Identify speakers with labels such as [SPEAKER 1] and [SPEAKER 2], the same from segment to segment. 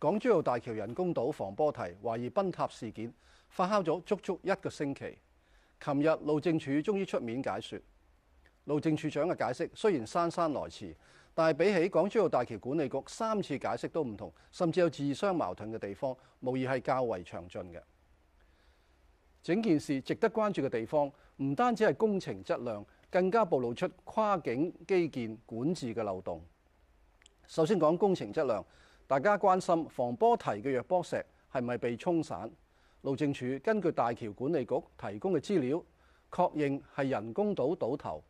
[SPEAKER 1] 港珠澳大橋人工島防波堤懷疑崩塌事件，發酵咗足足一個星期。琴日路政署終於出面解說，路政署長嘅解釋雖然姍姍來遲，但係比起港珠澳大橋管理局三次解釋都唔同，甚至有自相矛盾嘅地方，無疑係較為詳盡嘅。整件事值得關注嘅地方，唔單止係工程質量，更加暴露出跨境基建管治嘅漏洞。首先講工程質量。大家關心防波堤嘅弱波石係咪被沖散？路政署根據大橋管理局提供嘅資料，確認係人工島島頭，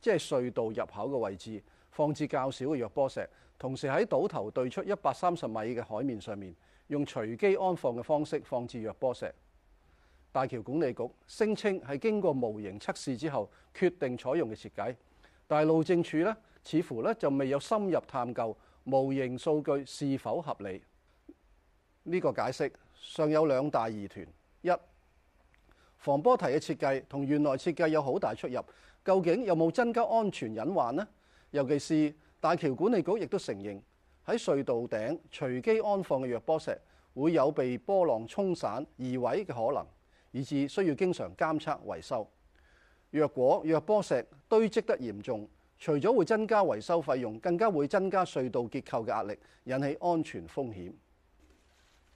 [SPEAKER 1] 即係隧道入口嘅位置放置較少嘅弱波石，同時喺島頭對出一百三十米嘅海面上面，用隨機安放嘅方式放置弱波石。大橋管理局聲稱係經過模型測試之後決定採用嘅設計，但係路政署呢，似乎呢就未有深入探究。模型數據是否合理？呢、這個解釋尚有兩大疑團：一，防波堤嘅設計同原來設計有好大出入，究竟有冇增加安全隱患呢？尤其是大橋管理局亦都承認，喺隧道頂隨機安放嘅弱波石會有被波浪沖散移位嘅可能，以致需要經常監測維修。若果弱波石堆積得嚴重，除咗會增加維修費用，更加會增加隧道結構嘅壓力，引起安全風險。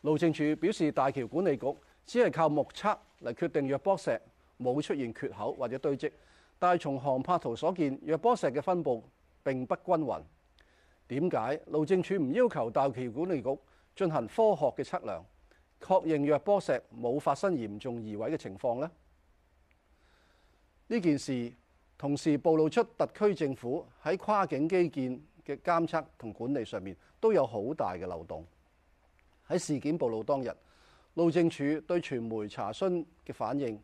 [SPEAKER 1] 路政署表示，大橋管理局只係靠目測嚟決定弱波石冇出現缺口或者堆積，但係從航拍圖所見，弱波石嘅分佈並不均勻。點解路政署唔要求大橋管理局進行科學嘅測量，確認弱波石冇發生嚴重移位嘅情況呢？呢件事，同時暴露出特區政府喺跨境基建嘅監測同管理上面都有好大嘅漏洞。喺事件暴露當日，路政署對傳媒查詢嘅反應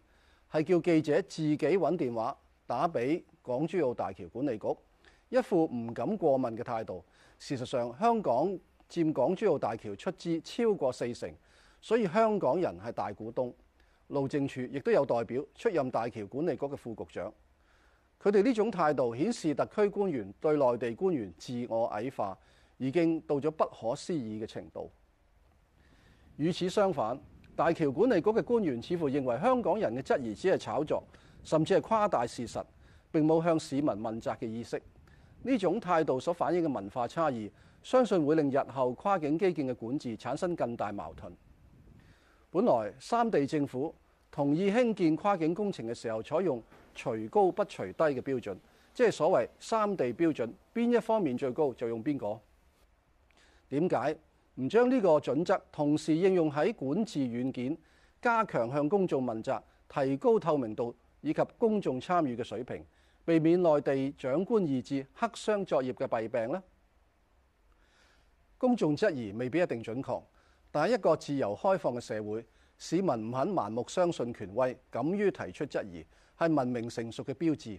[SPEAKER 1] 係叫記者自己揾電話打俾港珠澳大橋管理局，一副唔敢過問嘅態度。事實上，香港佔港珠澳大橋出資超過四成，所以香港人係大股東。路政署亦都有代表出任大橋管理局嘅副局長。佢哋呢種態度顯示特區官員對內地官員自我矮化已經到咗不可思議嘅程度。與此相反，大橋管理局嘅官員似乎認為香港人嘅質疑只係炒作，甚至係誇大事實，並冇向市民問責嘅意識。呢種態度所反映嘅文化差異，相信會令日後跨境基建嘅管治產生更大矛盾。本來三地政府，同意興建跨境工程嘅時候，採用隨高不隨低嘅標準，即係所謂三地標準，邊一方面最高就用邊個？點解唔將呢個準則同時應用喺管治軟件，加強向公眾問責，提高透明度以及公眾參與嘅水平，避免內地長官意志黑箱作業嘅弊病呢？公眾質疑未必一定準確，但係一個自由開放嘅社會。市民唔肯盲目相信權威，敢於提出質疑，係文明成熟嘅標誌。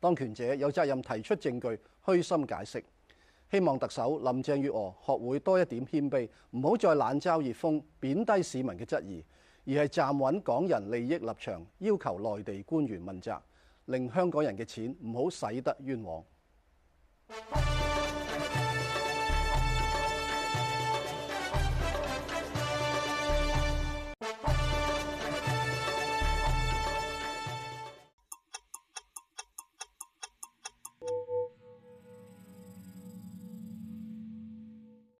[SPEAKER 1] 當權者有責任提出證據，虛心解釋。希望特首林鄭月娥學會多一點謙卑，唔好再冷嘲熱諷，貶低市民嘅質疑，而係站穩港人利益立場，要求內地官員問責，令香港人嘅錢唔好使得冤枉。